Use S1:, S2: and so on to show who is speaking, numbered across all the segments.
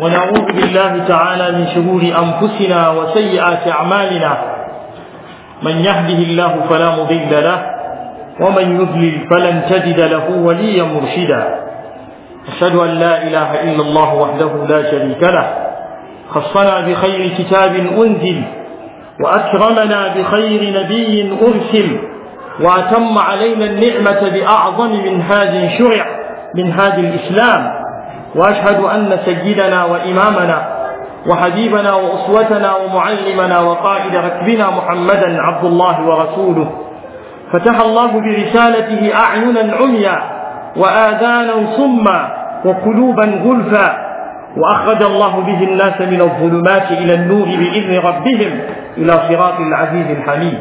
S1: ونعوذ بالله تعالى من شرور أنفسنا وسيئات أعمالنا من يهده الله فلا مضل له ومن يضلل فلن تجد له وليا مرشدا أشهد أن لا إله إلا الله وحده لا شريك له خصنا بخير كتاب أنزل وأكرمنا بخير نبي أرسل وأتم علينا النعمة بأعظم منهاج شرع منهاج الإسلام واشهد ان سيدنا وامامنا وحبيبنا واسوتنا ومعلمنا وقائد ركبنا محمدا عبد الله ورسوله فتح الله برسالته اعينا عميا واذانا صما وقلوبا غلفا واخرج الله به الناس من الظلمات الى النور باذن ربهم الى صراط العزيز الحميد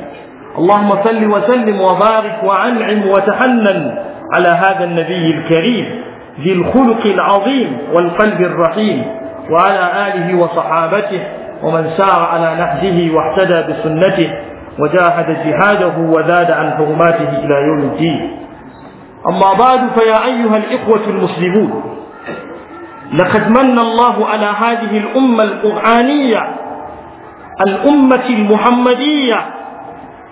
S1: اللهم صل وسلم وبارك وانعم وتحنن على هذا النبي الكريم ذي الخلق العظيم والقلب الرحيم وعلى آله وصحابته ومن سار على نهجه واهتدى بسنته وجاهد جهاده وزاد عن حرماته إلى يوم الدين أما بعد فيا أيها الإخوة المسلمون لقد من الله على هذه الأمة القرآنية الأمة المحمدية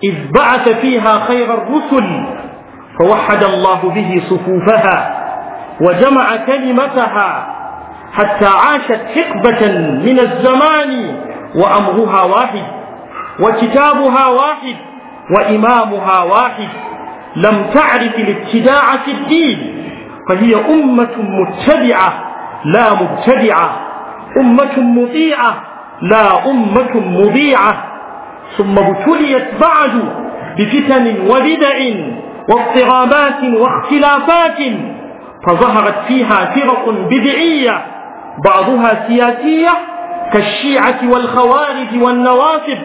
S1: إذ بعث فيها خير الرسل فوحد الله به صفوفها وجمع كلمتها حتى عاشت حقبة من الزمان وأمرها واحد وكتابها واحد وإمامها واحد لم تعرف الابتداع في الدين فهي أمة متبعة لا مبتدعة أمة مطيعة لا أمة مضيعة ثم ابتليت بعد بفتن وبدع واضطرابات واختلافات فظهرت فيها فرق بدعية بعضها سياسية كالشيعة والخوارج والنوافذ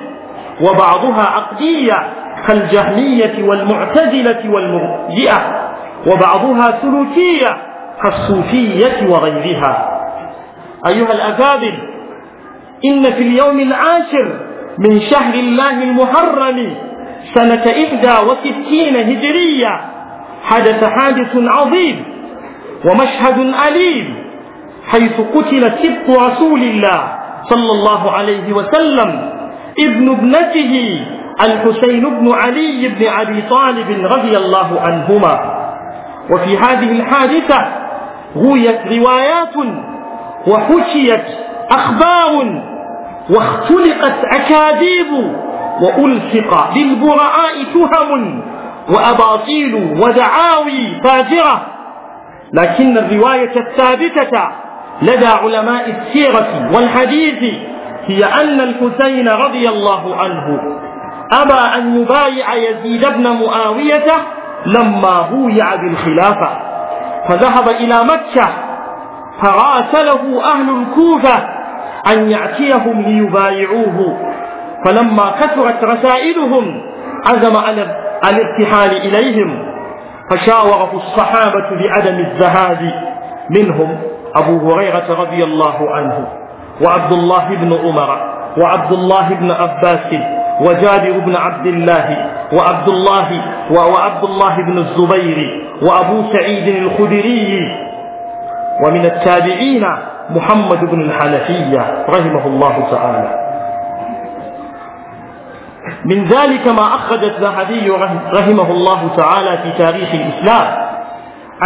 S1: وبعضها عقدية كالجهمية والمعتزلة والمرجئة وبعضها سلوكية كالصوفية وغيرها أيها الأكابر إن في اليوم العاشر من شهر الله المحرم سنة إحدى وستين هجرية حدث حادث عظيم ومشهد أليم حيث قتل سبط رسول الله صلى الله عليه وسلم ابن ابنته الحسين بن علي بن أبي طالب رضي الله عنهما وفي هذه الحادثة رويت روايات وحشيت أخبار واختلقت أكاذيب وألصق للبرعاء تهم وأباطيل ودعاوي فاجرة لكن الرواية الثابتة لدى علماء السيرة والحديث هي أن الحسين رضي الله عنه أبى أن يبايع يزيد بن معاوية لما بويع بالخلافة فذهب إلى مكة فراسله أهل الكوفة أن يأتيهم ليبايعوه فلما كثرت رسائلهم عزم على الارتحال إليهم فشاوره الصحابة بعدم الذهاب منهم أبو هريرة رضي الله عنه وعبد الله بن عمر وعبد الله بن عباس وجابر بن عبد الله وعبد الله وعبد الله بن الزبير وأبو سعيد الخدري ومن التابعين محمد بن الحنفية رحمه الله تعالى من ذلك ما أخرج الذهبي رحمه الله تعالى في تاريخ الإسلام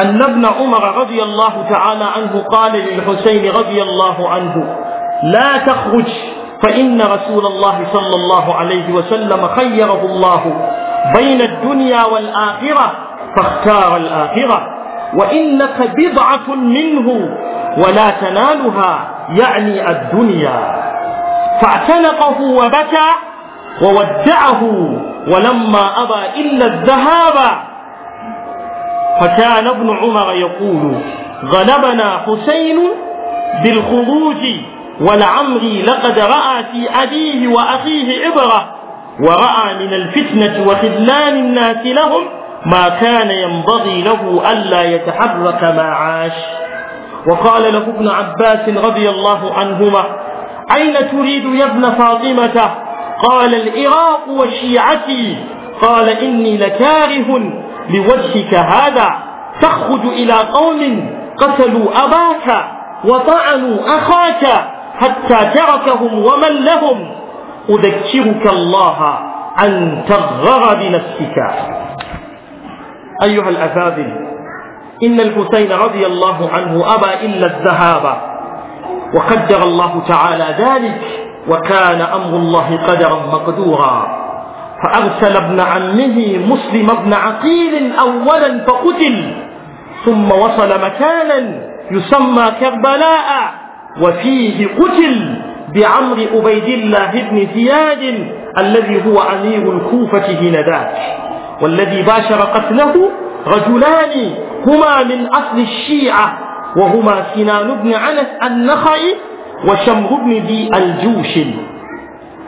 S1: أن ابن عمر رضي الله تعالى عنه قال للحسين رضي الله عنه لا تخرج فإن رسول الله صلى الله عليه وسلم خيره الله بين الدنيا والآخرة فاختار الآخرة وإنك بضعة منه ولا تنالها يعني الدنيا فاعتنقه وبكى وودعه ولما أبى إلا الذهاب فكان ابن عمر يقول غلبنا حسين بالخروج ولعمري لقد رأى في أبيه وأخيه عبرة ورأى من الفتنة وخذلان الناس لهم ما كان ينبغي له ألا يتحرك ما عاش وقال له ابن عباس رضي الله عنهما أين تريد يا ابن فاطمة قال العراق وشيعتي قال إني لكاره لوجهك هذا تخرج إلى قوم قتلوا أباك وطعنوا أخاك حتى تركهم ومن لهم أذكرك الله أن تغر بنفسك أيها الأفاضل إن الحسين رضي الله عنه أبى إلا الذهاب وقدر الله تعالى ذلك وكان أمر الله قدرا مقدورا فأرسل ابن عمه مسلم بن عقيل أولا فقتل ثم وصل مكانا يسمى كربلاء وفيه قتل بعمر أبيد الله بن زياد الذي هو أمير الكوفة هنداك والذي باشر قتله رجلان هما من أصل الشيعة وهما سنان بن عنس النخعي وشمر بن ذي الجوش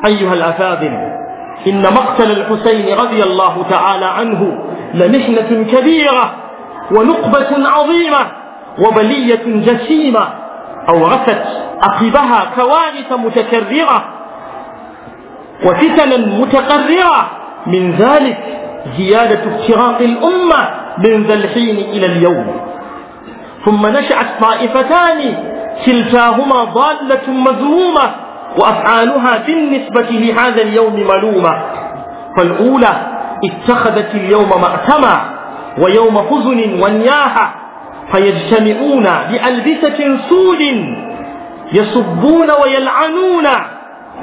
S1: أيها الأفاضل إن مقتل الحسين رضي الله تعالى عنه لمحنة كبيرة ونقبة عظيمة وبلية جسيمة أورثت عقبها كوارث متكررة وفتنا متقررة من ذلك زيادة افتراق الأمة من ذا الحين إلى اليوم ثم نشأت طائفتان كلتاهما ضالة مذمومة وأفعالها بالنسبة لهذا اليوم ملومة فالأولى اتخذت اليوم مأتما ويوم حزن ونياحة فيجتمعون بألبسة سود يسبون ويلعنون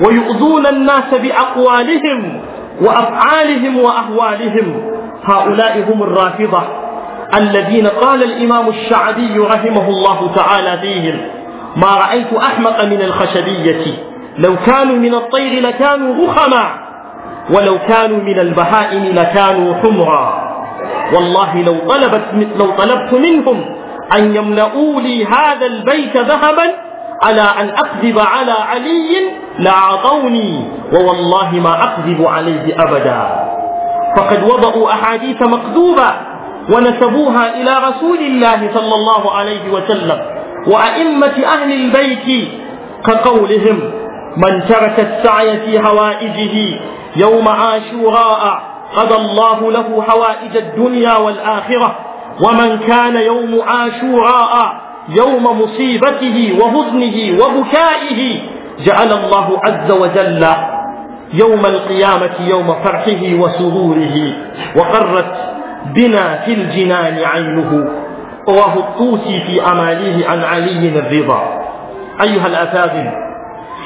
S1: ويؤذون الناس بأقوالهم وأفعالهم وأهوالهم هؤلاء هم الرافضة الذين قال الإمام الشعبي رحمه الله تعالى فيهم ما رأيت أحمق من الخشبية لو كانوا من الطير لكانوا رخما ولو كانوا من البهائم لكانوا حمرا والله لو طلبت لو طلبت منهم أن يملؤوا لي هذا البيت ذهبا على أن أكذب على علي لأعطوني ووالله ما أكذب عليه أبدا فقد وضعوا أحاديث مكذوبة ونسبوها إلى رسول الله صلى الله عليه وسلم وأئمة أهل البيت كقولهم من ترك السعي في هوائجه يوم عاشوراء قضى الله له حوائج الدنيا والآخرة ومن كان يوم عاشوراء يوم مصيبته وهزنه وبكائه جعل الله عز وجل يوم القيامة يوم فرحه وسروره وقرت بنا في الجنان عينه رواه الطوسي في أماليه عن علي الرضا أيها الأفاضل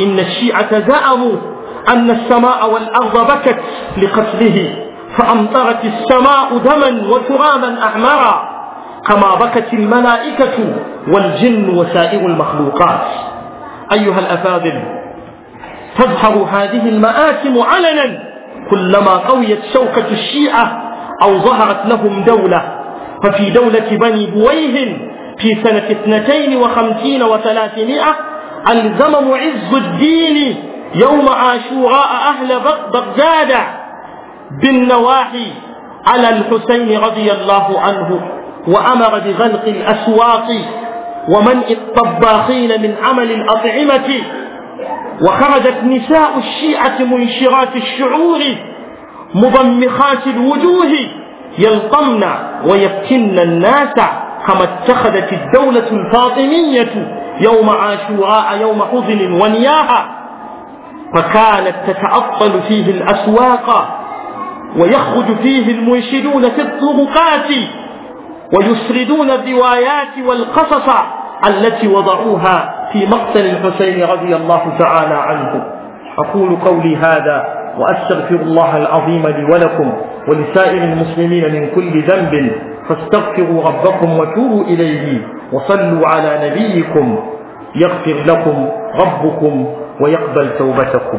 S1: إن الشيعة زعموا أن السماء والأرض بكت لقتله فأمطرت السماء دما وترابا أحمرا كما بكت الملائكة والجن وسائر المخلوقات أيها الأفاضل تظهر هذه المآثم علنا كلما قويت شوكة الشيعة أو ظهرت لهم دولة ففي دولة بني بويه في سنة اثنتين وخمسين وثلاثمائة ألزم معز الدين يوم عاشوراء أهل بغداد بالنواحي على الحسين رضي الله عنه وأمر بغلق الأسواق ومنع الطباخين من عمل الأطعمة وخرجت نساء الشيعة منشرات الشعور مضمخات الوجوه يلطمن ويفتن الناس كما اتخذت الدولة الفاطمية يوم عاشوراء يوم حزن ونياها فكانت تتعطل فيه الأسواق ويخرج فيه المنشدون في الطرقات ويسردون الروايات والقصص التي وضعوها في مقتل الحسين رضي الله تعالى عنه أقول قولي هذا وأستغفر الله العظيم لي ولكم ولسائر المسلمين من كل ذنب فاستغفروا ربكم وتوبوا إليه وصلوا على نبيكم يغفر لكم ربكم ويقبل توبتكم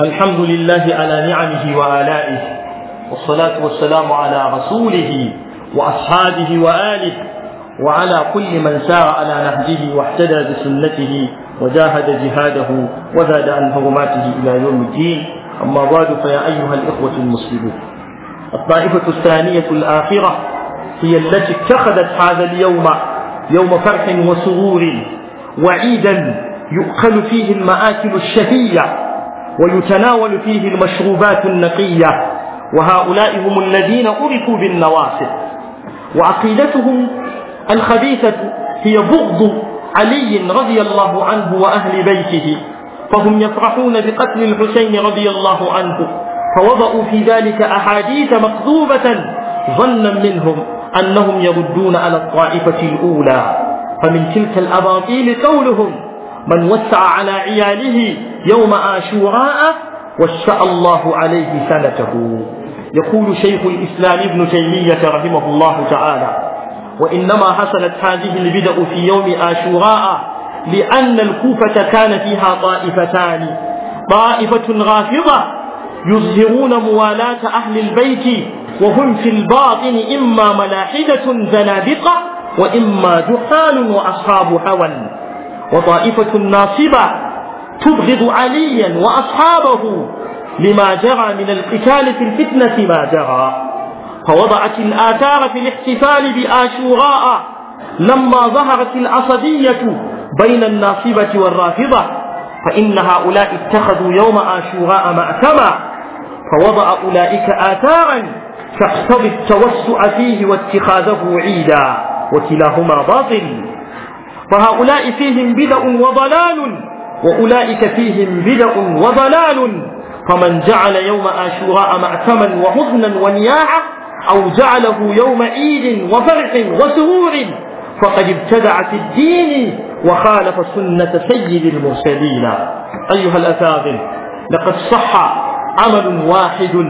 S1: الحمد لله على نعمه وآلائه والصلاة والسلام على رسوله وأصحابه وآله وعلى كل من سار على نهجه واحتدى بسنته وجاهد جهاده وزاد عن حرماته إلى يوم الدين أما بعد فيا أيها الإخوة المسلمون الطائفة الثانية الآخرة هي التي اتخذت هذا اليوم يوم فرح وسرور وعيدا يؤكل فيه المآكل الشهية ويتناول فيه المشروبات النقية وهؤلاء هم الذين أرثوا بالنواصب وعقيدتهم الخبيثة هي بغض علي رضي الله عنه وأهل بيته فهم يفرحون بقتل الحسين رضي الله عنه فوضعوا في ذلك أحاديث مكذوبة ظنا منهم أنهم يردون على الطائفة الأولى فمن تلك الأباطيل قولهم من وسع على عياله يوم عاشوراء وشاء الله عليه سنته يقول شيخ الإسلام ابن تيمية رحمه الله تعالى وإنما حصلت هذه البدع في يوم آشوراء لأن الكوفة كان فيها طائفتان طائفة غافضة يظهرون موالاة أهل البيت وهم في الباطن إما ملاحدة زنادقة وإما جحال وأصحاب هوى وطائفة ناصبة تبغض عليا وأصحابه لما جرى من القتال في الفتنة ما جرى فوضعت الآثار في الاحتفال بآشوراء لما ظهرت العصبية بين الناصبة والرافضة فإن هؤلاء اتخذوا يوم آشوراء مأثما فوضع أولئك آثارا تقتضي التوسع فيه واتخاذه عيدا وكلاهما باطل فهؤلاء فيهم بدع وضلال وأولئك فيهم بدع وضلال فمن جعل يوم آشوراء مأثما وحزنا ونياعة أو جعله يوم عيد وفرح وسرور فقد ابتدع في الدين وخالف سنة سيد المرسلين أيها الأساتذة لقد صح عمل واحد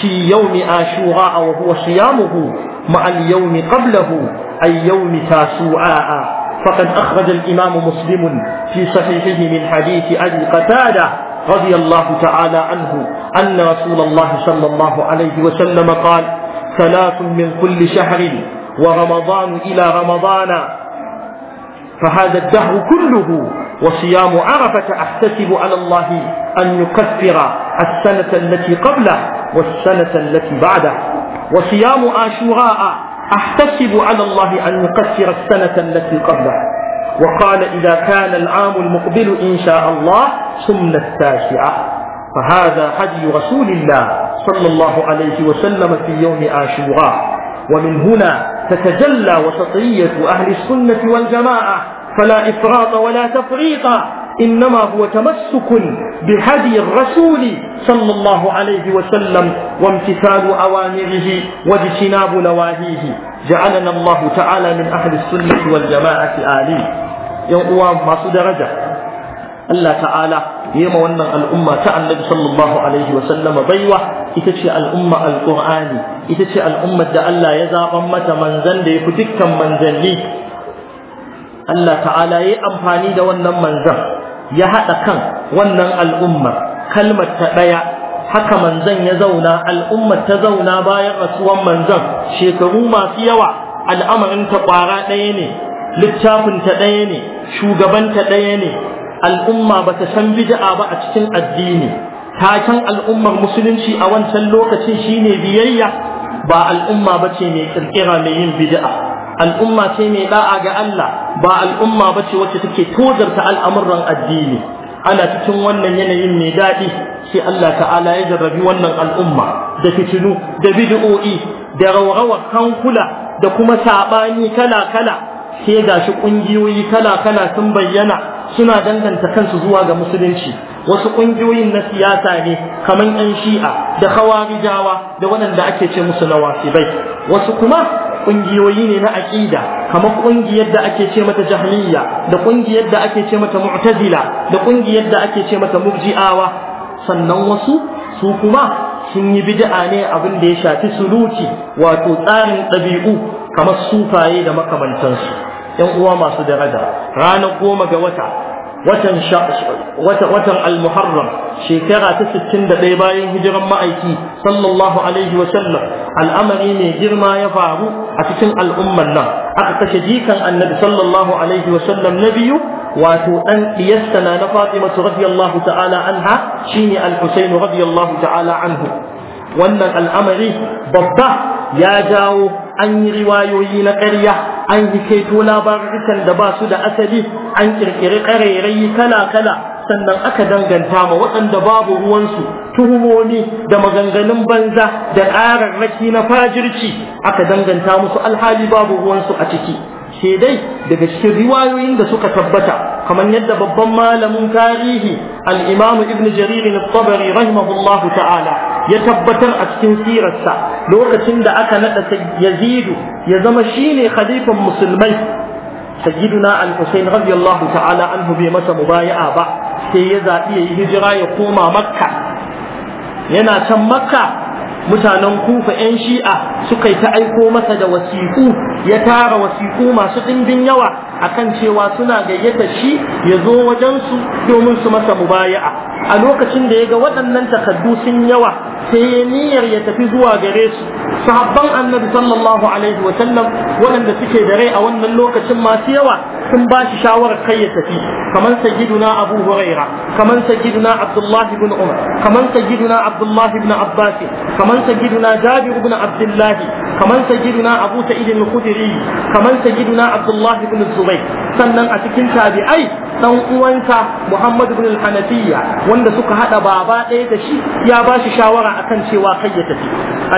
S1: في يوم آشوراء وهو صيامه مع اليوم قبله أي يوم تاسوعاء فقد أخرج الإمام مسلم في صحيحه من حديث أبي قتادة رضي الله تعالى عنه أن رسول الله صلى الله عليه وسلم قال ثلاث من كل شهر ورمضان إلى رمضان فهذا الدهر كله وصيام عرفة أحتسب على الله أن يكفر السنة التي قبله والسنة التي بعده وصيام عاشوراء أحتسب على الله أن يكفر السنة التي قبله وقال إذا كان العام المقبل إن شاء الله ثم التاسعة فهذا هدي رسول الله صلى الله عليه وسلم في يوم عاشوراء ومن هنا تتجلى وسطية أهل السنة والجماعة فلا إفراط ولا تفريط إنما هو تمسك بهدي الرسول صلى الله عليه وسلم وامتثال أوامره واجتناب نواهيه جعلنا الله تعالى من أهل السنة والجماعة آلين يوم ما درجة Allah ta'ala wa wannan al'umma ta annabi sallallahu alaihi wa sallama baiwa ita ce al'umma alqur'ani ita ce al'ummar da Allah ya zaban mata manzan da ya fi dukkan manzanni Allah ta'ala ya amfani da wannan manzan ya haɗa kan wannan al'ummar kalmar ta ɗaya haka manzan ya zauna al'ummar ta zauna bayan rasuwan manzan shekaru masu yawa al'amarin ta kwara ɗaya ne littafin ta ɗaya ne shugaban ta ɗaya ne al'umma ba ta san bid'a ba a cikin addini taken al'ummar musulunci a wancan lokacin shine biyayya ba al'umma ba ce mai kirkira mai yin bid'a al'umma ce mai ɗa'a ga Allah ba al'umma ba ce wacce take tozarta al'amuran addini ana cikin wannan yanayin mai daɗi sai Allah ta'ala ya jarrabi wannan al'umma da fitinu da bid'o'i da rawarawar hankula da kuma saɓani kala-kala sai shi ƙungiyoyi kala-kala sun bayyana suna danganta kansu zuwa ga musulunci wasu ƙungiyoyin na siyasa ne kamar 'yan shi'a da khawarijawa da waɗanda ake ce musu na wasibai wasu kuma ƙungiyoyi ne na aƙida kamar ƙungiyar da ake ce mata jahiliya, da ƙungiyar da ake ce mata mu'tazila da ƙungiyar da ake ce mata murji'awa sannan wasu su kuma sun yi bid'a ne abin da ya shafi suluki wato tsarin ɗabi'u kamar sufaye da makamantansu yan uwa masu daraja ranar goma ga wata watan watan al-muharram shekara ta 61 bayan hijiran ma'aiki sallallahu alaihi wa sallam al'amari ne girma ya faru a cikin al'ummar nan aka kashe jikan annabi sallallahu alaihi wa sallam na biyu wato dan na na Fatima radiyallahu ta'ala anha shine al-Husayn radiyallahu ta'ala anhu wannan al'amari babba ya jawo an yi riwayoyi na ƙarya an yi kaito labarukan da ba su da asali an kirkiri ƙarairayi kala-kala sannan aka danganta ma waɗanda babu ruwansu tuhumomi da maganganun banza da ƙararraki na fajirci aka danganta musu alhali babu ruwansu a ciki ke dai daga cikin riwayoyin da suka tabbata kamar yadda babban malamin tarihi al-Imam Ibn Jarir al-Tabari rahimahullahu ta'ala ya tabbatar a cikin sirarsa lokacin da aka nada Yazid ya zama shine khalifan musulmai sayyiduna al-Husayn radiyallahu ta'ala anhu bai masa mubaya'a ba sai ya zabi ya yi hijira ya koma Makka yana can Makka mutanen kufa 'yan shi'a suka yi ta aiko masa da wasiku ya tara wasiku masu ɗimbin yawa akan cewa suna gayyata shi ya zo wajensu domin su masa mubaya'a a lokacin da ya ga waɗannan takaddu sun yawa sai ya niyyar ya tafi zuwa gare su sahabban annabi sallallahu alaihi wa sallam waɗanda suke da rai a wannan lokacin masu yawa sun ba shi shawarar kai ya tafi kamar sayyiduna abu huraira kamar sayyiduna abdullahi ibn umar kamar sayyiduna abdullahi ibn abbas kamar sayyiduna jabir ibn abdullahi kamar sayyiduna abu sa'id al-khudri kamar sayyiduna abdullahi ibn zubayr sannan a cikin tabi'ai dan uwansa Muhammad ibn al-Hanafiya wanda suka hada baba ɗaya da shi ya ba shi shawara akan cewa kai ya tafi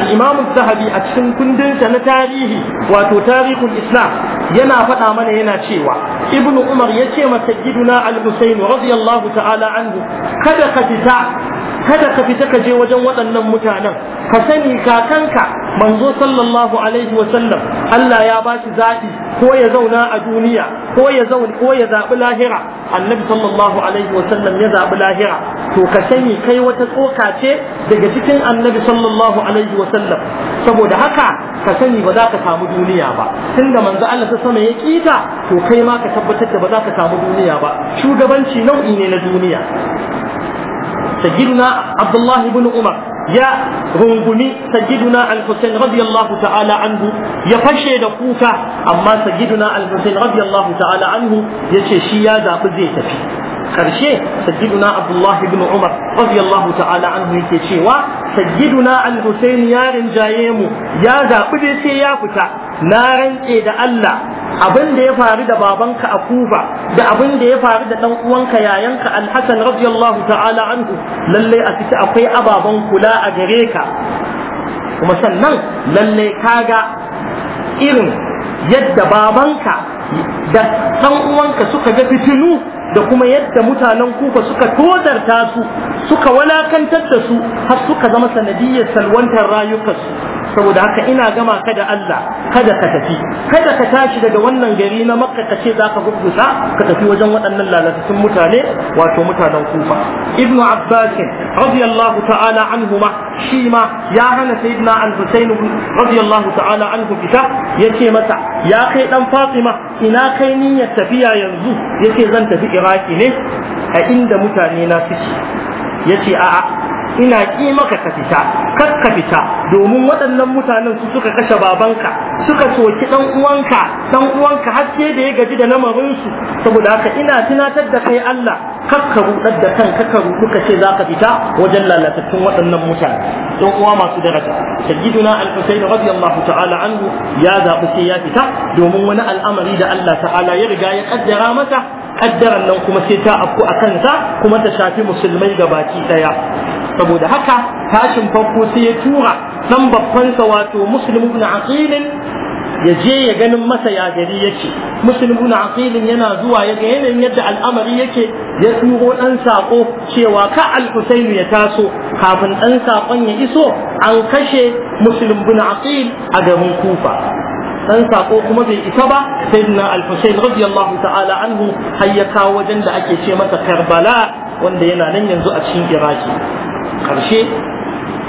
S1: al-Imam zahabi a cikin kundinsa na tarihi wato tarihul Islam yana faɗa mana yana cewa ibn umar ya ce masa giduna al-husayn radiyallahu ta'ala anhu kada ka fita kada ka fita ka je wajen waɗannan mutanen ka sani kakanka manzo sallallahu alaihi wa sallam Allah ya ba shi ko ya zauna a duniya ko ya zauna ko ya zabi lahira annabi sallallahu alaihi wa sallam ya zabi lahira to ka sani kai wata tsoka ce daga cikin annabi sallallahu alaihi wa sallam saboda haka ka sani ba za ka samu duniya ba tunda manzo Allah ta sama ya kita to kai ma ka tabbatar da ba za ka samu duniya ba shugabanci nau'i ne na duniya sayyidina abdullahi ibn umar ya rungumi na al-Husayn radiyallahu ta'ala anhu ya fashe da kuka amma sayyiduna al-Husayn radiyallahu ta'ala anhu yace shi ya zabi zai tafi karshe na Abdullah ibn Umar radiyallahu ta'ala anhu yake cewa sayyiduna al-Husayn ya rinjaye mu ya zaɓi dai sai ya fita na rantse da Allah abin da ya faru da babanka a kufa da abin da ya faru da dan uwanka yayanka alhassan radiyallahu ta'ala anhu lalle a ciki akwai ababen kula a gare ka kuma sannan lalle kaga irin yadda babanka da dan uwanka suka ga fitinu da kuma yadda mutanen kufa suka tozarta su suka walakantar da su har suka zama sanadiyyar salwantar rayukansu saboda haka ina gama kada Allah kada ka tafi kada ka tashi daga wannan gari na makka ka ce za ka ka tafi wajen waɗannan lalatattun mutane wato mutanen kufa ibn abbas radiyallahu ta'ala anhuma shi ma ya hana sayyidina al-husayn radiyallahu ta'ala anhu fita yace masa ya kai dan fatima ina kai niyyar tafiya yanzu yace zan tafi iraki ne a inda mutane na suke yace a'a ina ƙi maka ka fita kar ka fita domin waɗannan mutanen su suka kashe babanka suka soki dan uwanka dan uwanka har sai da ya gaji da namarin su saboda haka ina tunatar da kai Allah kar ka rudar da kanka ka rudu ka ce zaka fita wajen lalatattun waɗannan mutane dan uwa masu daraja sayyiduna al-husayn radiyallahu ta'ala anhu ya zabi sai ya fita domin wani al'amari da Allah ta'ala ya riga ya kaddara masa kaddaran nan kuma sai ta afku a kansa kuma ta shafi musulmai gabaki daya saboda haka tashin farko sai ya tura dan babbansa wato muslim ibn ya je ya ganin masa ya gari yake muslim ibn yana zuwa ya ga yanayin yadda al'amari yake ya turo dan sako cewa ka al-husayn ya taso kafin dan sakon ya iso an kashe muslim ibn aqil a garin kufa dan sako kuma bai isa ba sayyidina al-husayn radiyallahu ta'ala anhu har ya kawo wajen da ake ce masa karbala wanda yana nan yanzu a cikin iraki karshe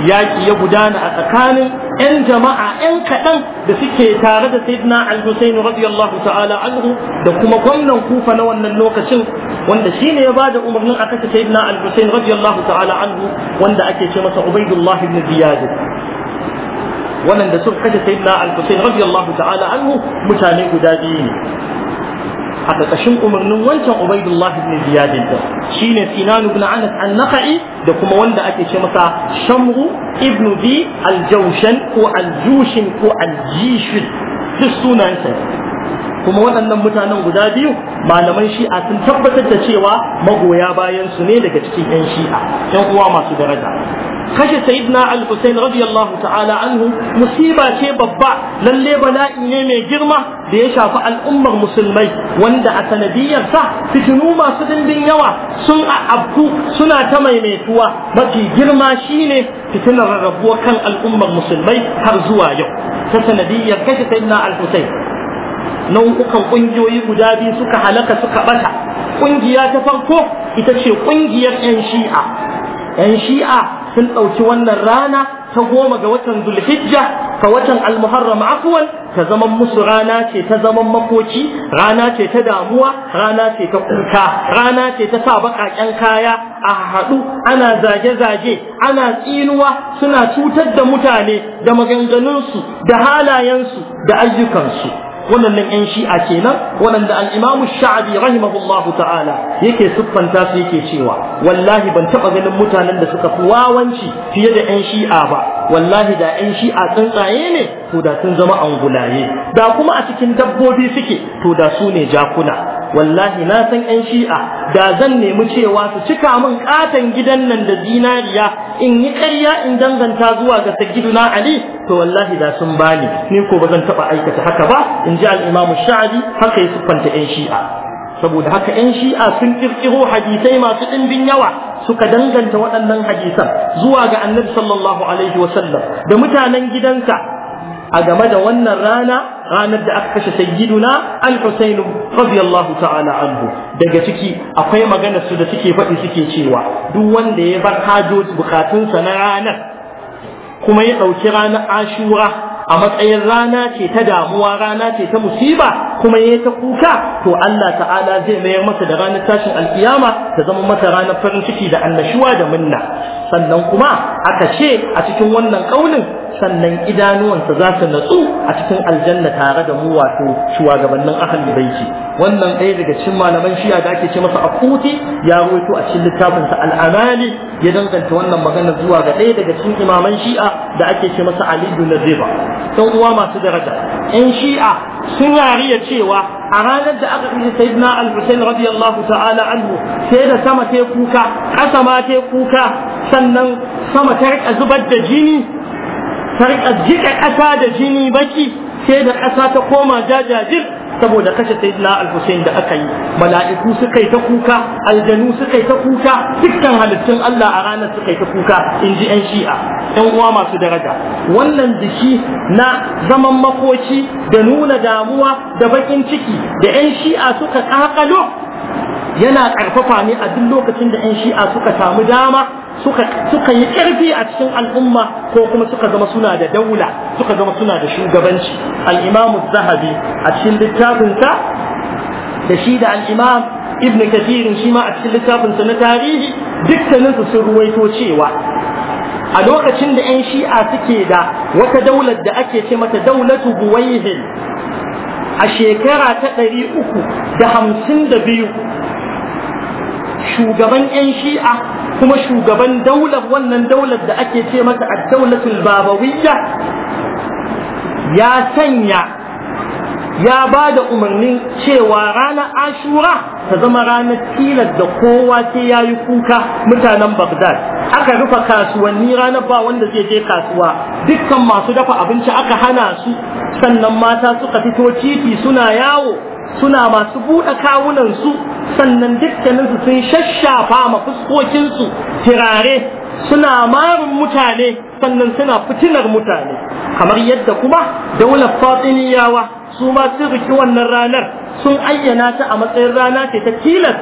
S1: yaki ya gudana a tsakanin 'yan jama'a 'yan kaɗan da suke tare da sayyidina al-husaini radiyallahu ta'ala anhu da kuma gwamnan kufa na wannan lokacin wanda shine ya ba da umarnin a kashe sayyidina al-husaini radiyallahu ta'ala anhu wanda ake ce masa ubaidullah ibn ziyad wannan da suka kashe sayyidina al-husaini radiyallahu ta'ala anhu mutane guda biyu ne a ƙarƙashin umarnin wancan ubaidullahi ibn Ziyad din shine Sinan ibn Anas an-Nakhai da kuma wanda ake ce masa Shamru ibn Bi al-Jawshan ko al-Jushin ko al-Jishin duk sunansa kuma waɗannan mutanen guda biyu malaman shi'a sun tabbatar da cewa magoya bayan su ne daga cikin 'yan shi'a 'yan uwa masu daraja kashe sayyidina al-husayn radiyallahu ta'ala anhu musiba ce babba lalle bala'i ne mai girma da ya shafi al'ummar musulmai wanda a sanadiyar sa fitinu masu dindin yawa sun abku suna ta maimaituwa mafi girma shine fitinar rarrabuwa kan al'ummar musulmai har zuwa yau ta sanadiyar kashe sayyidina al-husayn nau'ukan ƙungiyoyi guda biyu suka halaka suka bata ƙungiya ta farko ita ce ƙungiyar 'yan shi'a 'yan shi'a sun ɗauki wannan rana ta goma ga watan zulhijja ka watan almuharram afwan ta zaman musu rana ce ta zaman makoki rana ce ta damuwa rana ce ta kuka rana ce ta sa baƙaƙen kaya a haɗu ana zage-zage ana tsinuwa suna cutar da mutane da maganganunsu da halayensu da ayyukansu waɗannan yan shi'a kenan waɗanda al imamu sha'abi rahimahullahu ta'ala yake siffanta su yake cewa wallahi ban taɓa ganin mutanen da suka fi wawanci fiye da yan shi'a ba wallahi da ƴan shi'a tsuntsaye ne to da sun zama angulaye da kuma a cikin dabbobi suke to da su ne jakuna wallahi na san ƴan shi'a da zan nemi cewa su cika min katon gidan nan da zinariya in yi ƙarya in danganta zuwa ga na ali to wallahi da sun bani ni ko ba zan taɓa aikata haka ba in ji al-imamu haka ya siffanta ƴan shi'a saboda haka ƴan shi'a sun ƙirƙiro hadisai masu ɗimbin yawa suka danganta waɗannan hadisan zuwa ga annabi sallallahu alaihi wasallam da mutanen gidansa a game da wannan rana ranar da aka kashe sayyiduna al-Husain radiyallahu ta'ala anhu daga ciki akwai magana su da suke faɗi suke cewa duk wanda ya bar hajoji bukatunsa na ranar kuma ya ɗauki ranar Ashura a matsayin rana ce ta damuwa rana ce ta musiba kuma ya ta kuka to Allah ta'ala zai mayar masa da ranar tashin alkiyama ta zama masa ranar farin ciki da annashuwa da munna sannan kuma aka ce a cikin wannan kaunin sannan idanuwansa za su natsu a cikin aljanna tare da mu wato shugabannin ahlul baiti wannan ɗaya daga cikin malaman shiya da ake ce masa akuti ya rawaito a cikin littafin sa al-amali ya danganta wannan magana zuwa ga ɗaya daga cikin imaman shi'a da ake ce masa ali bin naziba ɗan uwa masu daraja yan shi'a sun rariya cewa a ranar da aka kashe na al-husayn radiyallahu ta'ala anhu sai da sama ta kuka ƙasa ma ta kuka sannan sama ta rika zubar da jini ta rika jika ƙasa da jini baki sai da ƙasa ta koma jajajir saboda kashe sayyidina al-Husayn da aka yi mala'iku suka yi ta kuka aljanu suka yi ta kuka dukkan halittun Allah a ranar suka yi ta kuka in ji 'yan shi'a 'yan uwa masu daraja wannan jiki na zaman makoci da nuna damuwa da bakin ciki da 'yan shi'a suka kakalo yana karfafa ne a duk lokacin da 'yan shi'a suka samu dama suka yi karfi a cikin al'umma ko kuma suka zama suna da daula suka zama suna da shugabanci al'imamu zahabi a cikin littafinsa da shi da al'imam ibn kathirin shi ma a cikin littafinsa na tarihi dukkaninsu sun ruwaito cewa a lokacin da 'yan shi'a suke da wata daular da ake ce mata daulatu buwaihil a shekara ta ɗari uku da hamsin da biyu shugaban 'yan shi'a kuma shugaban daular wannan daular da ake ce mata ad-daulatul babawiyya ya sanya ya ba da umarnin cewa ranar ashura ta zama ranar tilas da kowa sai ya yi kuka mutanen bagdad aka rufe kasuwanni ranar ba wanda zai je kasuwa dukkan masu dafa abinci aka hana su sannan mata suka fito titi suna yawo suna masu buɗe kawunansu sannan dukkaninsu sun shashafa ma fuskokinsu Firare suna marin mutane sannan suna fitinar mutane kamar yadda kuma daular fatiniyawa su ma sun riki wannan ranar sun ayyana ta a matsayin rana ce ta tilas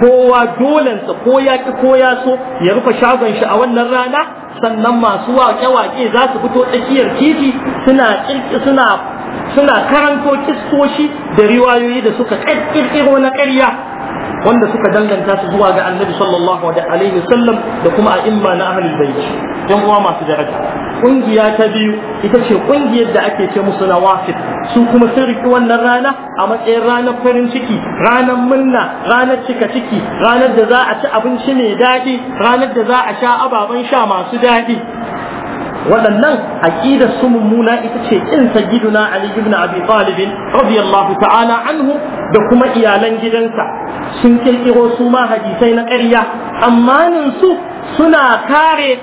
S1: kowa dolensa ko ya ki ko ya so ya rufe shagon shi a wannan rana sannan masu waƙe-waƙe za su fito tsakiyar titi suna suna suna karanto kiskoshi da riwayoyi da suka kirkiro na ƙarya wanda suka danganta su zuwa ga annabi sallallahu alaihi wasallam da kuma a'imma na ahlul bait yan uwa masu daraja kungiya ta biyu ita ce kungiyar da ake ce musu nawafid su kuma sun riki wannan rana a matsayin ranar farin ciki ranar murna, ranar cika ciki ranar da za a ci abinci mai daɗi ranar da za a sha ababen sha masu daɗi waɗannan aƙidar su mummuna ita ce in giduna Ali ibn Abi Talib radiyallahu ta'ala anhu da kuma iyalan gidansa sun kirkiro su ma hadisai na ƙarya amma su suna kare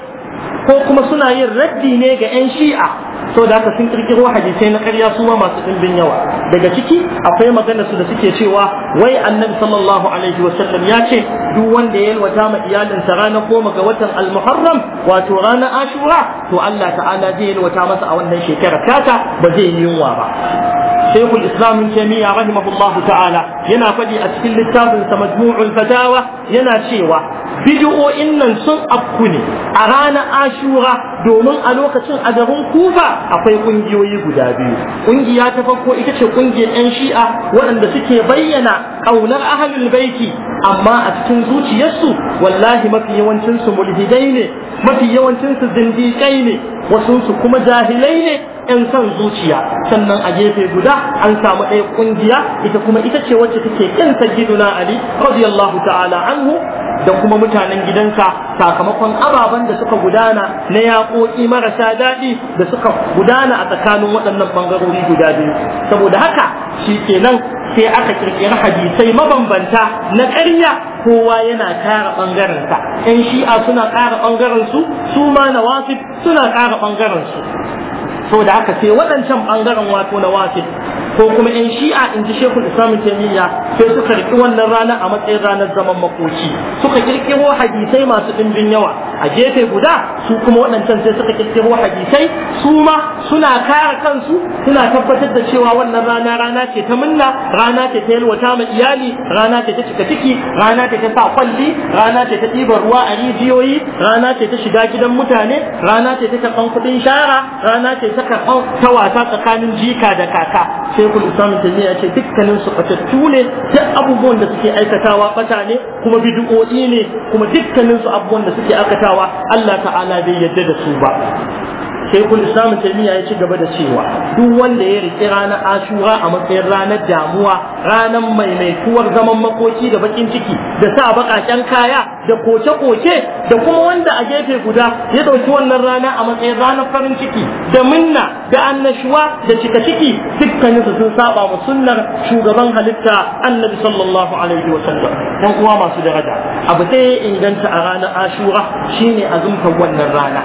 S1: ko kuma suna yin raddi ne ga 'yan shi'a so da aka sun kirkiro hadisai na karya su ma masu ɗimbin yawa daga ciki akwai magana su da suke cewa wai annabi sallallahu alaihi wa sallam ya ce duk wanda ya yalwata ma iyalinsa ranar goma ga watan almuharram wato ranar ashura to Allah ta'ala zai yalwata masa a wannan shekarar tata ba zai yi yunwa ba شيخ الإسلام ابن تيمية رحمه الله تعالى ينا فدي أسكن للتاب مجموع الفتاوى ينا bid'o'in nan sun afku ne a ranar ashura domin a lokacin a gaban kufa akwai kungiyoyi guda biyu kungiya ta farko ita ce kungiyar yan shi'a waɗanda suke bayyana ƙaunar ahalul baiti amma a cikin zuciyarsu wallahi mafi yawancinsu mulhidai ne mafi yawancinsu zindiƙai ne wasunsu kuma jahilai ne yan son zuciya sannan a gefe guda an samu ɗaya kungiya ita kuma ita ce wacce take kin sayyiduna ali radiyallahu ta'ala anhu da kuma mutanen gidansa sakamakon ababen da suka gudana na ya alaƙoƙi marasa daɗi da suka gudana a tsakanin waɗannan bangarori guda biyu saboda haka shi kenan sai aka ƙirƙiri hadisai mabambanta na ƙarya kowa yana kara ɓangarensa ‘yan shi'a suna ƙara ɓangarensu su ma na wasif suna ƙara ɓangarensu saboda haka sai waɗancan ɓangaren wato na wasif ko kuma ‘yan shi'a in ji shekul islam taimiyya sai suka riƙi wannan rana a matsayin ranar zaman makoci suka ƙirƙiro hadisai masu ɗimbin yawa a gefe guda su kuma waɗancan sai suka kirkiro hadisai su ma suna kare kansu suna tabbatar da cewa wannan rana rana ce ta munna rana ce ta yalwata ma iyali rana ce ta cika ciki rana ce ta sa kwalli rana ce ta ɗiban ruwa a rijiyoyi rana ce ta shiga gidan mutane rana ce ta karɓan kuɗin shara rana ce ta karɓan ta wasa tsakanin jika da kaka sai kul islam tamiya ce dukkanin su fatattu ne duk abubuwan da suke aikatawa fata ne kuma bid'o'i ne kuma dukkanin su abubuwan da suke aikatawa Allah ta'ala bai yadda da su ba shaykhul islam taymiya ya ci gaba da cewa duk wanda ya riki ranar ashura a matsayin ranar damuwa ranar maimaituwar zaman makoki da bakin ciki da sa baƙaƙen kaya da koke koke da kuma wanda a gefe guda ya dauki wannan rana a matsayin ranar farin ciki da minna da annashuwa da cika ciki dukkaninsu sun saba mu sunnar shugaban halitta annabi sallallahu alaihi wa sallam dan uwa masu daraja abu sai inganta a ranar ashura shine azumtar wannan rana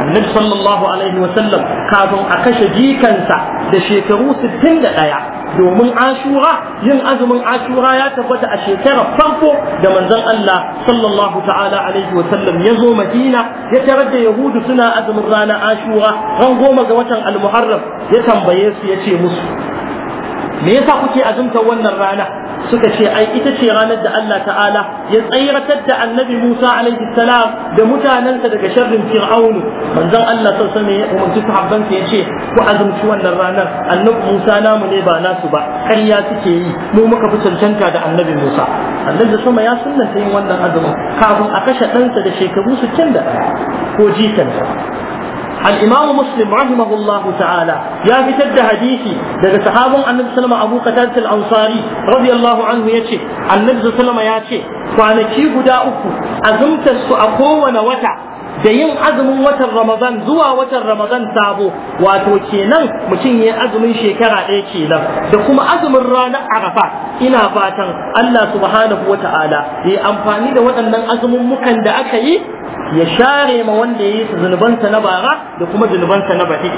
S1: annabi sallallahu alaihi wasallam kafin a kashe jikansa da shekaru sittin da ɗaya domin ashura yin azumin ashura ya tabbata a shekarar farko da manzon Allah sallallahu ta'ala alaihi sallam ya zo madina ya tarar da yahudu suna azumin rana ashura ran goma ga watan almuharram ya tambaye su ya ce musu me yasa kuke azumta wannan rana suka ce ai ita ce ranar da Allah ta'ala ya tsairatar da annabi Musa alaihi salam da mutanensa daga sharrin fir'aunu manzon Allah sallallahu alaihi wasallam ya umarci sahabbansa ya ce ku azumci wannan ranar annabi Musa namu ne ba nasu ba ƙarya suke yi mu muka fi cancanta da annabi Musa annabi sama ya sunnata yin wannan azumin kafin a kashe ɗansa da shekaru 61 ko jikansa الإمام مسلم رحمه الله تعالى يا بتد حديثي دغ صحاب النبي صلى الله عليه وسلم أبو قتادة الأنصاري رضي الله عنه يتي النبي صلى الله عليه يتي kwanaki guda uku azumtar su a kowane wata da yin azumin watan Ramadan zuwa watan Ramadan sabo wato kenan mutum ya azumin shekara ɗaya kenan da kuma azumin ranar Arafa ina fatan Allah subhanahu wa ta'ala ya amfani da waɗannan azumin mukan da aka yi ya share ma wanda ya yi zunubansa na bara da kuma zunubansa na baɗi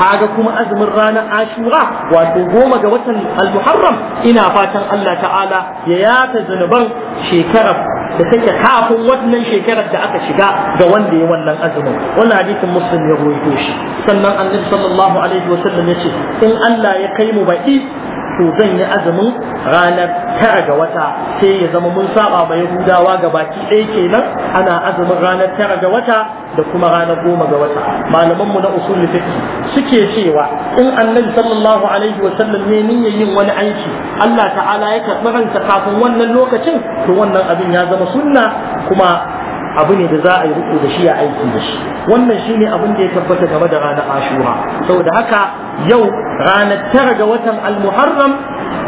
S1: kaga kuma azumin ranar ashura wato goma ga watan al-muharram ina fatan Allah ta'ala ya yata zunuban shekarar da take kafin wannan shekarar da aka shiga ga wanda ya wannan azumin wannan hadisin muslim ya rawaito shi sannan annabi sallallahu alaihi wa sallam yace in Allah ya kai mu baɗi to zan yi azumin ranar tara ga wata sai ya zama mun saba ma yahudawa ga baki ɗaya kenan ana azumin ranar tara ga wata da kuma ranar goma ga wata malamanmu na usul fiqh suke cewa in annabi sallallahu alaihi wa sallam ne niyyar yin wani aiki Allah ta'ala ya karɓi ranta kafin wannan lokacin to wannan abin ya zama sunna kuma abu ne da za a yi riko da shi a aiki da shi wannan shine abin da ya tabbata game da ranar ashura saboda haka yau ranar tara ga watan almuharram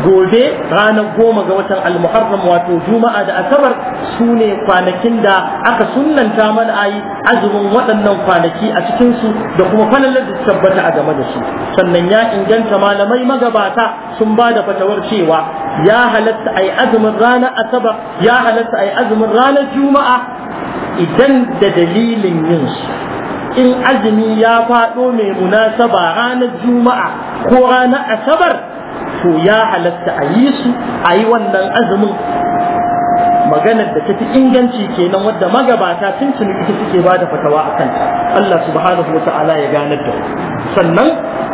S1: gobe ranar goma ga watan almuharram wato juma'a da asabar su ne kwanakin da aka sunnanta mana ayi azumin waɗannan kwanaki a cikinsu da kuma falalar da tabbata a game da su sannan ya inganta malamai magabata sun ba da fatawar cewa ya halatta ayi azumin ranar asabar ya halatta ayi azumin ranar juma'a idan da dalilin yin su in azumi ya faɗo mai munasaba ranar juma'a ko ranar asabar to ya halatta a yi su a yi wannan azumin maganar da ta fi inganci kenan wadda magabata tun tuni ita suke ba da fatawa a kanta Allah subhanahu wa ta'ala ya ganar da sannan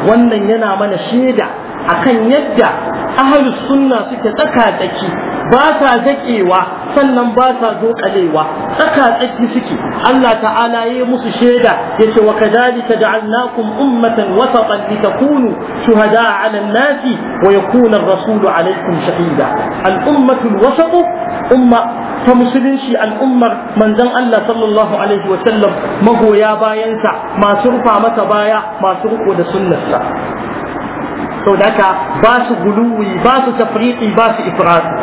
S1: wannan yana mana shaida akan yadda ahalus sunna suke tsaka tsaki ba sa zakewa sannan ba sa zokalewa tsaka tsaki suke Allah ta'ala yayi musu sheda yace wa kadhalika ja'alnakum ummatan wasatan litakunu shuhada'a 'ala an-nasi wa yakuna ar-rasulu 'alaykum shahida al-ummatu al-wasat umma ta musulunci al'ummar manzon Allah sallallahu alaihi wa sallam magoya bayansa masu rufa mata baya masu riko da sunnarsa sau da haka ba su guluwi ba su tafriqi ba su ifrati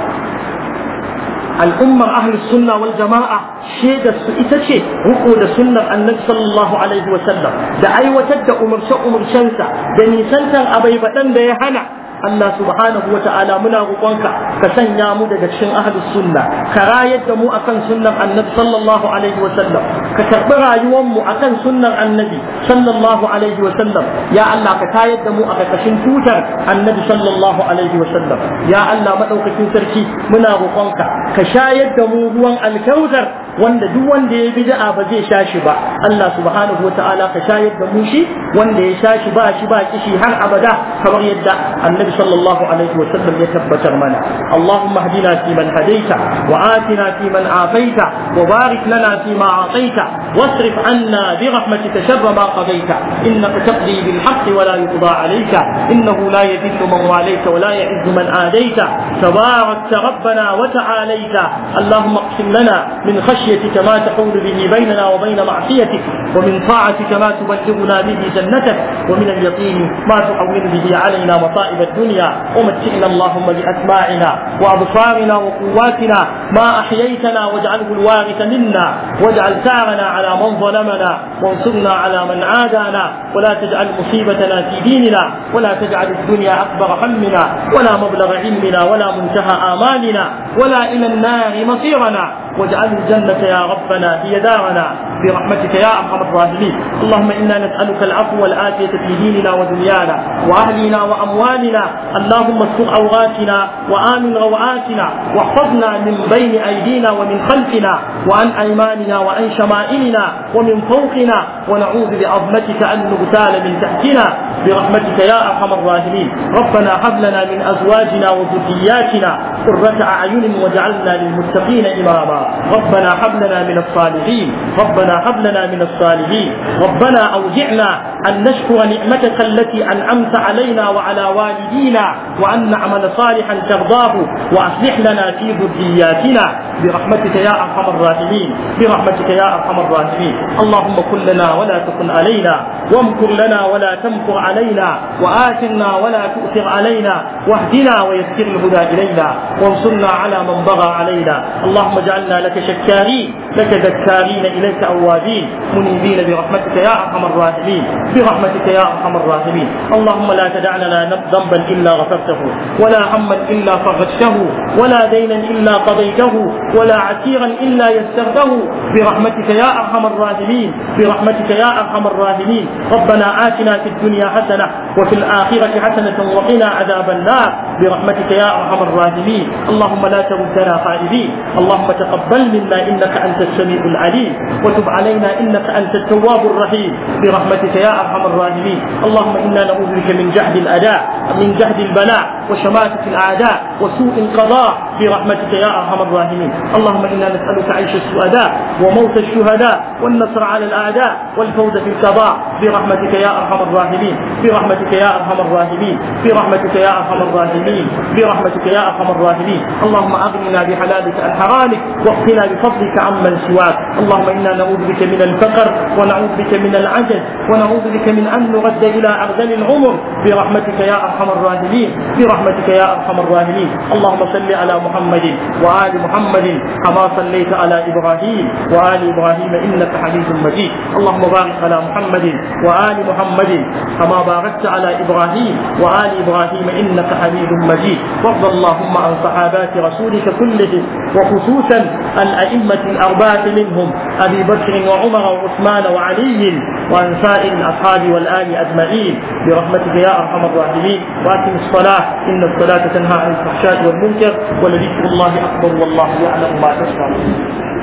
S1: al'ummar ahlus sunna wal jama'a shaidar su ita ce ruko da sunnar annabi sallallahu alaihi wa sallam da aiwatar da umarce umarcensa da nisantar abai baɗan da ya hana Allah subhanahu wa ta'ala muna roƙonka ka sanya mu daga cikin ahlus sunna ka rayar da mu akan sunnan annabi sallallahu alaihi wa sallam ka karɓi rayuwar mu akan sunnan annabi sallallahu alaihi wa sallam ya Allah ka tayar da mu a ƙarƙashin tutar annabi sallallahu alaihi wa sallam ya Allah madaukakin sarki muna roƙonka ka shayar da mu ruwan alkautar wanda duk wanda ya bid'a ba zai sha shi ba Allah subhanahu wataala ka shayar da mu shi wanda ya sha shi ba shi ba kishi har abada kamar yadda annabi sallallahu alaihi wasallam ya tabbatar mana Allahumma hadina fi man hadaita wa atina fi man afaita wa barik lana fi ma ataita wasrif anna bi rahmatika sharra ma qadaita innaka taqdi bil haqqi wa la yuqda alayka innahu la yadhillu man walaita wa la yu'izzu man adaita tabarakta rabbana wa ta'alaita Allahumma qsim lana min خشية خشيتك ما تحول به بيننا وبين معصيتك ومن طاعتك ما تبلغنا به جنتك ومن اليقين ما تحول به علينا مصائب الدنيا ومتعنا اللهم بأسماعنا وأبصارنا وقواتنا ما أحييتنا واجعله الوارث منا واجعل ثارنا على من ظلمنا وانصرنا على من عادانا ولا تجعل مصيبتنا في ديننا ولا تجعل الدنيا أكبر همنا ولا مبلغ علمنا ولا منتهى آمالنا ولا إلى النار مصيرنا واجعل الجنة يا ربنا هي دارنا برحمتك يا أرحم الراحمين اللهم إنا نسألك العفو والآتية في ديننا ودنيانا وأهلنا وأموالنا اللهم استر عوراتنا وآمن روعاتنا واحفظنا من بين أيدينا ومن خلفنا وعن أيماننا وعن شمائلنا ومن فوقنا ونعوذ بعظمتك أن نغتال من تحتنا برحمتك يا أرحم الراحمين ربنا هب لنا من أزواجنا وذرياتنا قرة أعين وجعلنا للمتقين إماما ربنا هب لنا من الصالحين ربنا هب لنا من الصالحين ربنا أوجعنا أن نشكر نعمتك التي أنعمت علينا وعلى والدينا وأن نعمل صالحا ترضاه وأصلح لنا في ذرياتنا برحمتك يا أرحم الراحمين برحمتك يا أرحم الراحمين اللهم كن لنا ولا تكن علينا وامكر لنا ولا تمكر علينا وآثرنا ولا تؤثر علينا واهدنا ويسر الهدى إلينا وانصرنا على من بغى علينا اللهم اجعلنا لك شكارين لك ذكارين إليك أوابين منيبين برحمتك يا أرحم الراحمين برحمتك يا أرحم الراحمين اللهم لا تدع لنا ذنبا إلا غفرته ولا هما إلا فرجته ولا دينا إلا قضيته ولا عسيرا إلا يسرته برحمتك يا أرحم الراحمين برحمتك يا أرحم الراحمين ربنا آتنا في الدنيا حسنة وفي الآخرة حسنة وقنا عذاب النار برحمتك يا أرحم الراحمين اللهم لا تردنا خائبين اللهم تقبل تقبل منا إنك أنت السميع العليم وتب علينا إنك أنت التواب الرحيم برحمتك يا أرحم الراحمين اللهم إنا نعوذ بك من جهد الأداء من جهد البلاء وشماتة الأعداء وسوء القضاء برحمتك يا أرحم الراحمين اللهم إنا نسألك عيش السؤداء وموت الشهداء والنصر على الأعداء والفوز في القضاء برحمتك يا أرحم الراحمين برحمتك يا أرحم الراحمين برحمتك يا أرحم الراحمين برحمتك يا أرحم الراحمين اللهم أغننا بحلالك عن حرامك واقنا بفضلك عمن سواك اللهم إنا نعوذ بك من الفقر ونعوذ بك من العجز ونعوذ بك من أن نرد إلى أرذل العمر برحمتك يا أرحم الراحمين برحمتك يا أرحم الراحمين اللهم صل على محمد وآل محمد كما صليت على إبراهيم وآل إبراهيم إنك حميد مجيد اللهم بارك على محمد وآل محمد كما باركت على إبراهيم وآل إبراهيم إنك حميد مجيد وارض اللهم عن صحابات رسولك كلهم وخصوصا الأئمة الأربعة منهم أبي بكر وعمر وعثمان وعلي وعن سائر الأصحاب والآل أجمعين برحمتك يا أرحم الراحمين وأتم الصلاة إن الصلاة تنهى عن الفحشاء والمنكر ولذكر الله أكبر والله يعلم ما تصنعون